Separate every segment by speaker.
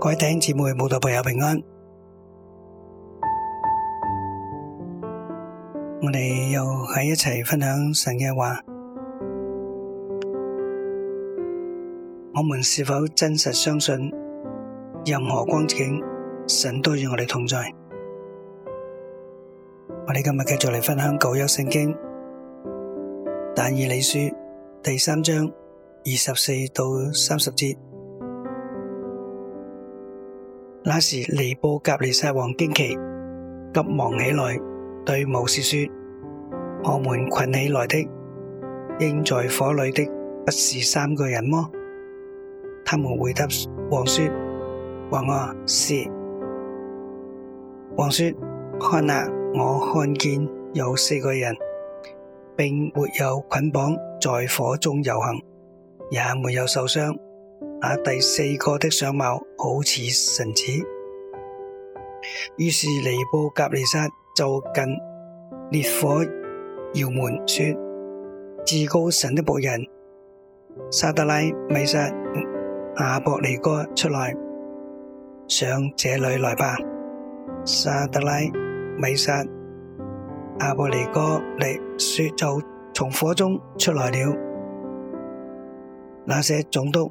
Speaker 1: 各位弟兄姊妹、慕道朋友平安，我哋又喺一齊分享神嘅話。我們是否真實相信任何光景，神都與我哋同在？我哋今日繼續嚟分享舊約聖經，但以理書第三章二十四到三十節。那時尼布甲尼撒王驚奇，急忙起來對武士說：我們捆起來的、扔在火裏的，不是三個人麼？他們回答王說：王啊，是。王說：看啊，我看見有四個人，並沒有捆綁在火中遊行，也沒有受傷。那第四個的相貌。好神似神子，於是尼布甲尼撒就近烈火窯門說：至高神的僕人沙得拉米沙阿伯尼哥出來上這裡來吧。沙得拉米沙阿伯尼哥嚟說就從火中出來了。那些總督。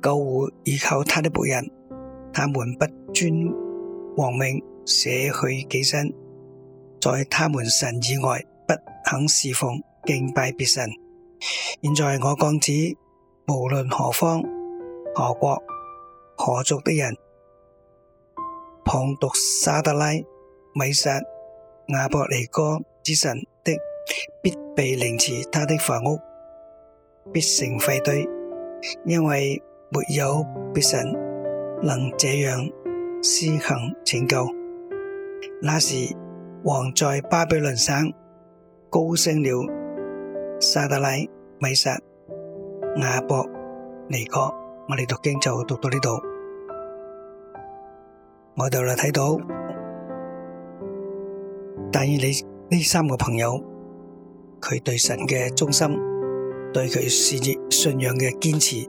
Speaker 1: 救護倚靠他的僕人，他們不尊王命捨去己身，在他們神以外不肯侍奉敬拜別神。現在我降旨無論何方何國何族的人，旁讀沙得拉、米煞、亞伯尼哥之神的，必被凌遲他的房屋，必成廢堆，因為。沒有別神能這樣施行拯救。那時王在巴比倫省高升了沙得拉、米煞、亞伯、尼哥。我哋讀經就讀到呢度，我哋嚟，睇到，但以理呢三個朋友，佢對神嘅忠心，對佢信信仰嘅堅持。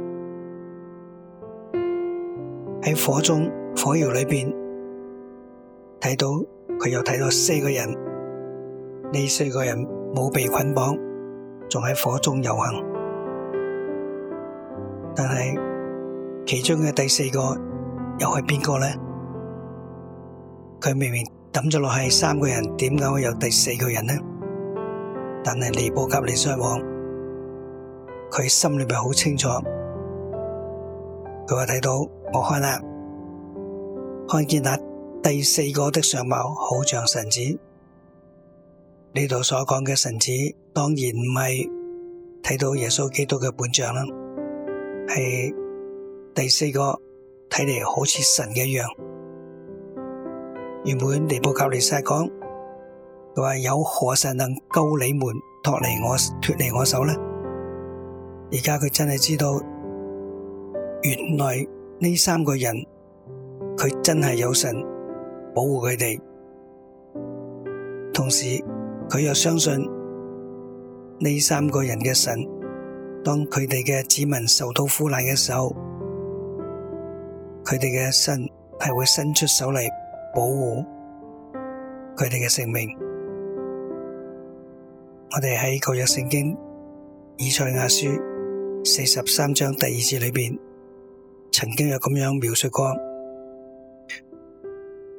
Speaker 1: 喺火中火窑裏邊睇到佢，又睇到四個人，呢四個人冇被捆綁，仲喺火中遊行。但係其中嘅第四個又係邊個呢？佢明明抌咗落係三個人，點解會有第四個人呢？但係尼布甲尼撒王，佢心裏面好清楚。佢話睇到，我看啦，看見那第四個的相貌好像神子。呢度所講嘅神子，當然唔係睇到耶穌基督嘅本像啦，係第四個睇嚟好似神一樣。原本尼布甲尼撒講，佢話有何神能救你們脫離我脫離我手呢？而家佢真係知道。原來呢三個人佢真係有神保護佢哋，同時佢又相信呢三個人嘅神，當佢哋嘅子民受到苦難嘅時候，佢哋嘅神係會伸出手嚟保護佢哋嘅性命。我哋喺舊約聖經以賽亞書四十三章第二節裏邊。曾經有咁樣描述過：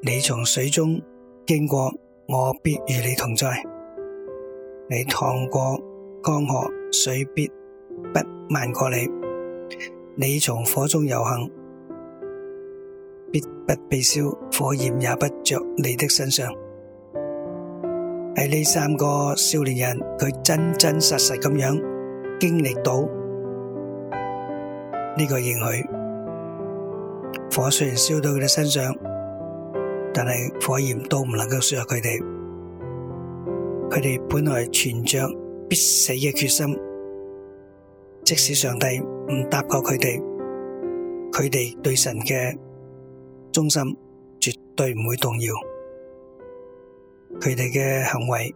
Speaker 1: 你從水中經過，我必與你同在；你趟過江河，水必不漫過你；你從火中遊行，必不被燒，火焰也不着你的身上。喺呢三個少年人，佢真真實實咁樣經歷到呢個應許。火雖然燒到佢哋身上，但係火焰都唔能夠燒入佢哋。佢哋本來存着必死嘅決心，即使上帝唔搭救佢哋，佢哋對神嘅忠心絕對唔會動搖。佢哋嘅行為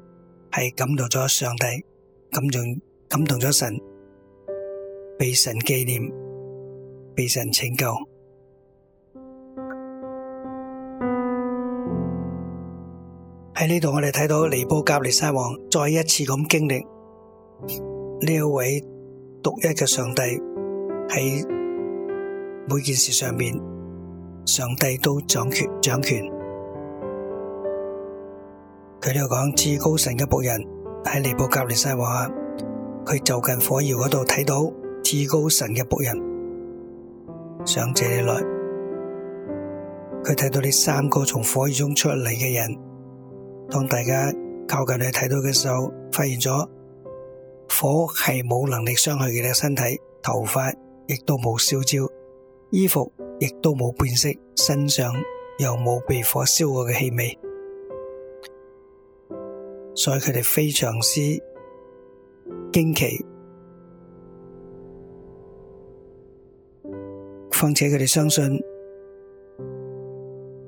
Speaker 1: 係感動咗上帝，感動感動咗神，被神紀念，被神拯救。喺呢度，我哋睇到尼布甲尼撒王再一次咁經歷呢一位獨一嘅上帝，喺每件事上面，上帝都掌權掌權。佢呢度講至高神嘅僕人，喺尼布甲尼撒話，佢就近火窑嗰度睇到至高神嘅僕人上這裏來，佢睇到呢三個從火窑中出嚟嘅人。當大家靠近去睇到嘅時候，發現咗火係冇能力傷害佢哋嘅身體，頭髮亦都冇燒焦，衣服亦都冇變色，身上又冇被火燒過嘅氣味，所以佢哋非常之驚奇，況且佢哋相信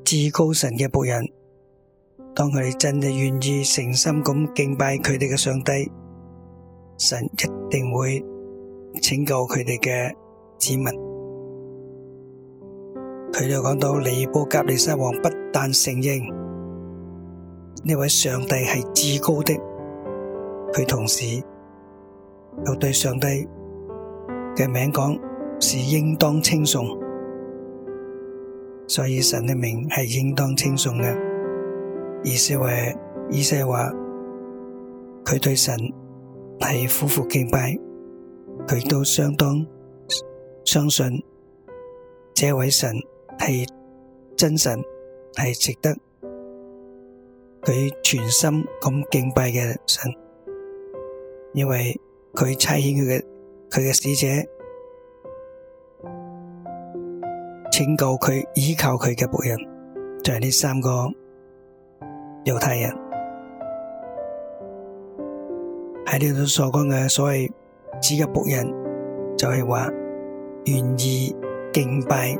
Speaker 1: 至高神嘅僕人。當佢哋真係願意誠心咁敬拜佢哋嘅上帝，神一定會拯救佢哋嘅子民。佢又講到尼布甲尼撒王不但承認呢位上帝係至高的，佢同時又對上帝嘅名講是應當稱頌，所以神嘅名係應當稱頌嘅。而意思話，意思係話佢對神係苦苦敬拜，佢都相當相信這位神係真神，係值得佢全心咁敬拜嘅神，因為佢差遣佢嘅佢嘅使者拯救佢、依靠佢嘅僕人，就係、是、呢三個。猶太人喺呢度所講嘅所謂指嘅僕人，就係話願意敬拜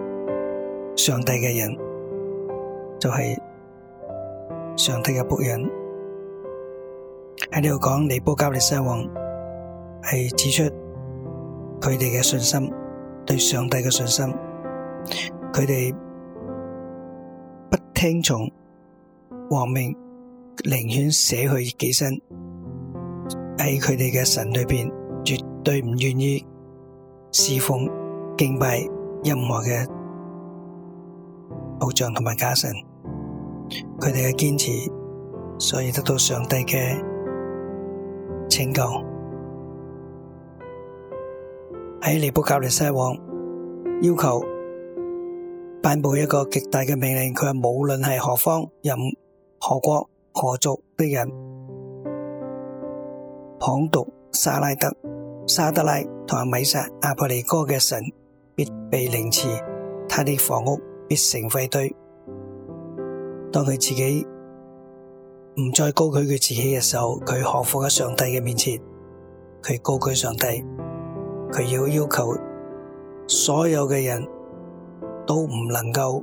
Speaker 1: 上帝嘅人，就係上帝嘅僕人。喺呢度講尼波加利西王係指出佢哋嘅信心對上帝嘅信心，佢哋不聽從。王明寧願捨去己身，喺佢哋嘅神裏面，絕對唔願意侍奉敬拜任何嘅偶像同埋假神。佢哋嘅堅持，所以得到上帝嘅拯救。喺尼布甲尼撒王要求頒布一個極大嘅命令，佢話無論係何方任。何國何族的人，謗讟沙拉德、沙德拉同阿米撒阿伯利哥嘅神，必被凌遲，他的房屋必成廢堆。當佢自己唔再高舉佢自己嘅時候，佢降伏喺上帝嘅面前，佢高舉上帝，佢要要求所有嘅人都唔能夠。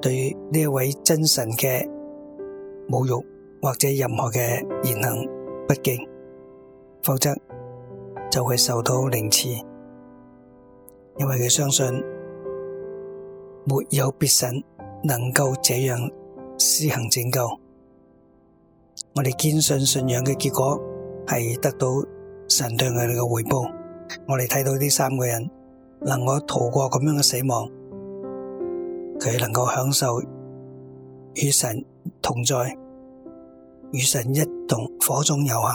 Speaker 1: 對呢位真神嘅侮辱或者任何嘅言行不敬，否則就會受到凌遲。因為佢相信沒有別神能夠這樣施行拯救。我哋堅信信仰嘅結果係得到神對我哋嘅回報。我哋睇到呢三個人能夠逃過咁樣嘅死亡。佢能夠享受與神同在，與神一同火中遊行。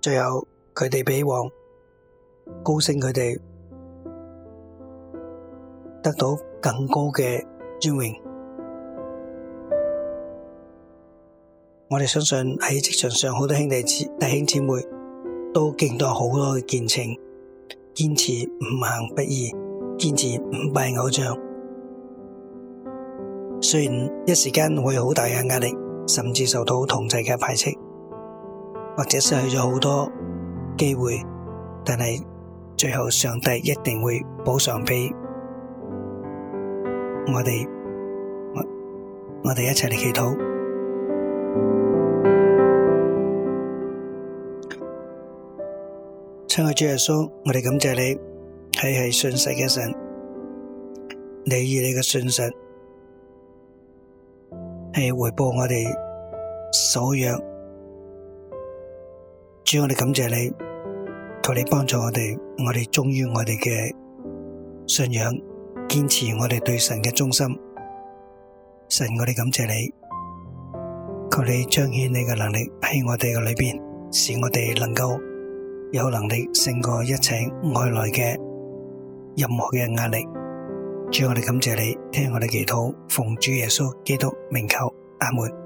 Speaker 1: 最後，佢哋比王高升，佢哋得到更高嘅尊榮。我哋相信喺職場上，好多兄弟、弟兄姊妹都經歷到好多嘅見證，堅持唔行不義。堅持唔拜偶像，雖然一時間會有好大嘅壓力，甚至受到同儕嘅排斥，或者失去咗好多機會，但係最後上帝一定會補償俾我哋，我我哋一齊嚟祈禱。親愛的主耶穌，我哋感謝你。係係信實嘅神，你以你嘅信實係回報我哋所約。主，我哋感謝你，求你幫助我哋，我哋忠於我哋嘅信仰，堅持我哋對神嘅忠心。神，我哋感謝你，求你彰顯你嘅能力喺我哋嘅裏邊，使我哋能夠有能力勝過一切外來嘅。任何嘅人壓力，主我哋感謝你，聽我哋祈禱，奉主耶穌基督名求，阿門。